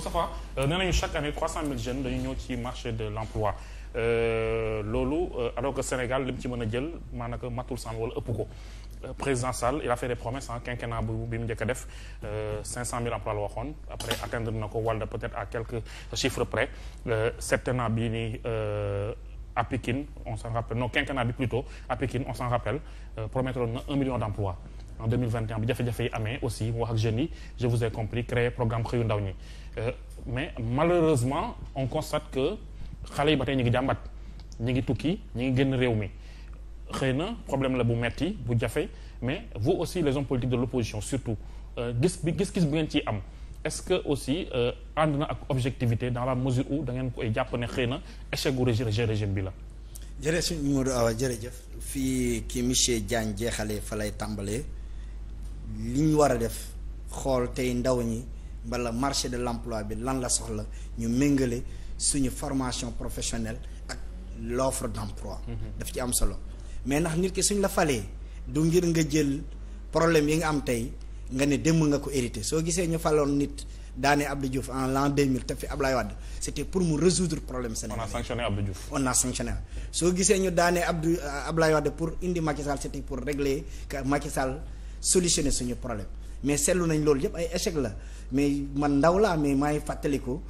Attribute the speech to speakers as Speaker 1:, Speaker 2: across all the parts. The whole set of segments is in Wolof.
Speaker 1: Moustapha euh, nee nañu chaque année 300 jeunes dañu ñëw ci marché de l'emploi euh, loolu euh, alors que Sénégal li ci mën a jël maanaka matul san wala ëpp ko président Sall il a fait des promesses en quinquennat bi mu njëkk def 500 000 emplois la waxoon après atteindre na ko wala peut-être à quelques chiffres près septennat bii nii à Pikine on s'en rappelle non quinquennat bi plutôt à Pikine on s'en rappelle promettre na un million d'emplois en 2021 bi jafe-jafe yi amee aussi mu wax ak jeunes yi je vous ai compris créer programme xëyu ndaw ñi euh, mais malheureusement on constate que xale yi ba tey ñu ngi jàmbat ñu ngi tukki ñu ngi génn réew mi xëy na problème la bu metti bu jafe mais vous aussi les hommes politiques de l'opposition surtout euh, gis bi gis-gis bi ngeen ciy am est-ce que aussi euh, ànd na ak objectivité dans la mesure où da ngeen koy jàpp ne xëy na échec gu régime bi la
Speaker 2: jërëjëf Modou Awa jërëjëf fii ki monsieur Diagne jeexalee fa lay tàmbalee li war a def xool tey ndaw ñi bala marché de l'emploi bi lan la soxla ñu méngale suñu formation professionnelle ak l'offre d'emploi mhm. daf ci am solo mais ndax nit ki suñ la falee du ngir nga jël problème yi nga am tey nga ne démb nga ko hérité soo gisee ñu faloon nit daane Abdou Diouf en l'an 2000 te fi Ablaye Wade c'était pour mu résoudre problème sénégalais. on a a soo gisee ñu daane Abdou euh, Ablaye Wade pour indi Macky c'était pour régler que solutionner suñu problème mais seetlu nañ loolu yëpp ay échec la mais man ndaw laa mais maay fàttaliku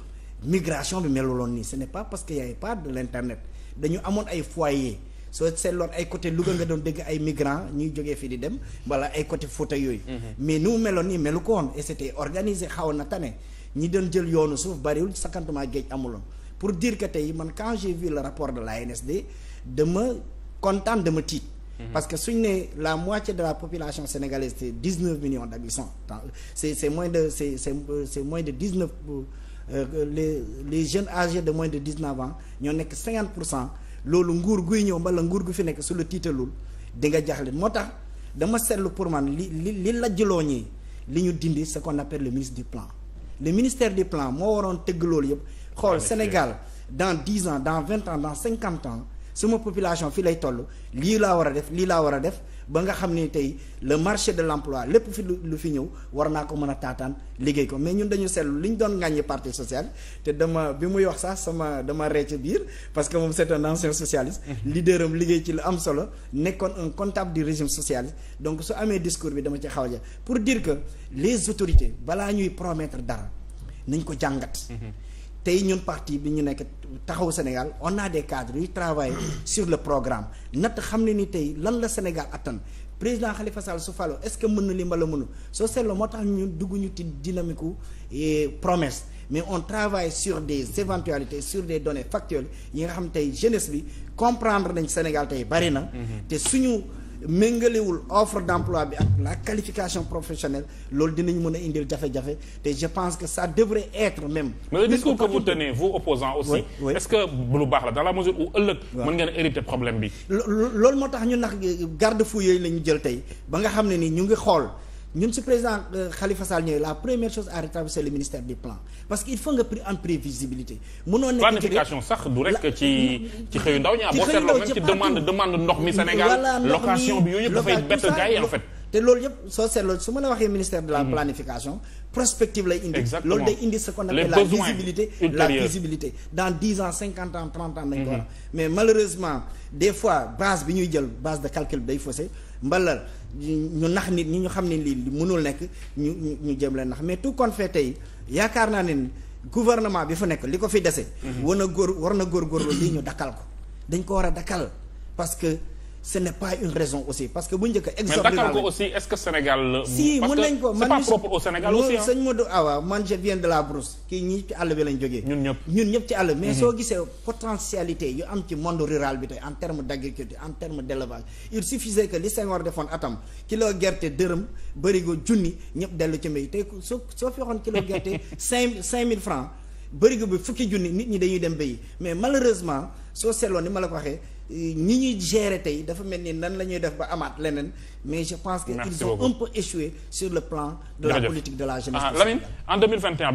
Speaker 2: migration bi meluloon nii ce n'est pas parce que y avait pas de l'internet dañu amoon ay foyer soo seetloon ay côté Louga nga doon dégg ay migrants ñuy jógee fii di dem wala ay côté Fouta yooyu. Mm-hmm. mais ni mu meloon nii melu ko woon et c'était organisé xawoon na tane ñi doon jël yoonu suuf bariwul sakantumaa géej amuloon pour dire que tey man quand j'ai vu le rapport de l'ANSD dama kontaan dama tiit. Mhm. parce que suñ ne la moitié de la population sénégalaise c'est 19 millions d'habitants c'est c'est moins de c'est c'est c'est de 19 euh, euh, les les jeunes âgés de mois de 19 ans ñoo nekk 50 pour cent loolu nguur guy ñëw mbala nguur gu fi nekk su la tiitalul di nga jaaxle moo tax dama seetlu pour man li li li lajjloo ñi li ñu dindi ce qu'on appelle le ministre du plan le ministère du plan moo waroon tëgg loolu yëpp xool Sénégal dans 10 ans dans vingt ans dans 50 ans suma population fii lay toll lii laa war a def lii laa war a def ba nga xam ni tey le marché de l'emploi lépp fi lu fi ñëw war naa ko mën a taataan liggéey ko mais ñun dañu seetlu li ñu doon ngàññi parti social te dama bi muy wax sax sama dama reece biir parce que moom c'est un ancien socialiste mm-hmm. leader am liggéey ci lu am solo nekkoon un comptable du régime socialiste donc su amee discours bi dama ci xaw a pour dire que les autorités balaa ñuy promettre dara nañ ko jàngat mm-hmm. tey ñun parti bi ñu nekk taxaw Sénégal on a des cadres yuy travailler sur le programme natt xam ne ni tey lan la Sénégal attan président Khalifa Sall su falo est-ce que mën na li mbala mënu soo seetloo moo tax ñun dugg ñu ci dynamique et promesse mais on travaille sur des éventualités sur des données factuelles yi nga xam tey jeunes bi comprendre nañ Sénégal tey bari na mm-hmm. te suñu méngalewul offre d'emploi bi ak la qualification professionnelle loolu dinañ mën a indil jafe-jafe te je pense que ça devrait être
Speaker 1: même. mais le discours que vous tenez vous opposant aussi. est-ce que lu baax la dans la mesure où ëllëg. mën ngeen hériter problème bi.
Speaker 2: loolu moo tax ñu nax garde fu yooyu la ñu jël tey ba nga xam ne nii ñu ngi xool. ñun su président euh, Khalifa Sall ñëwee la première chose à rétablir c'est le ministère du plan parce que il faut nga pris en prévisibilité.
Speaker 1: mënoo nekk planification sax du rek ci ci xëyu ndaw ñaa ah, boo seetloo même ci demande demande ndox mi Sénégal location bi yooyu yëpp dafay bett gars yi en te loolu
Speaker 2: yëpp soo seetloo su ma la waxee ministère de la mm. planification prospective lay indi loolu day indi ce qu'on appelle la visibilité la visibilité dans dix ans cinquante ans trente ans dañ ko mm-hmm. war mais malheureusement des fois base bi ñuy jël base de calcul bi day faussé mbalal ñu nax nit ñi ñu xam ne lii mënul nekk ñu ñu jëm leen nax mais tout compte fait tey yaakaar naa ne gouvernement bi fa nekk li ko fi dese mm-hmm. war na góor war na góorgóorlu lii ñu dakkal ko dañ ko war a dakkal parce que ce n'est pas une raison aussi parce que bu njëkk exemple mais dakkal ko
Speaker 1: aussi est-ce que Sénégal la. si mën nañ ko man parce que c'est pas propre au Sénégal aussi ah. sëñ
Speaker 2: Modou ah Awa man je viens de la brousse. kii ñii ci àll bi lañ jógee. ñun ñëpp ñun ñëpp ci àll. mais mhm. soo gisee potentialité yu am ci monde rural bi tey en terme d'agriculture en terme d'élevage il suffisait que li Senghor defoon atam kilo gerte dërëm bërigo junni ñëpp dellu ci mbay tey soo soo fi waxoon kilo gerte cinq cinq mille francs bërigo bi fukki junni nit ñi dañuy dem béyi mais malheureusement soo seetloo ni ma la ko waxee. ñi ñuy geere tey dafa mel ni nan la ñuy def ba amaat leneen mais je pense que Merci ils ont beaucoup. un sur le plan de la politique de la jeunesse ah, Lamine en 2021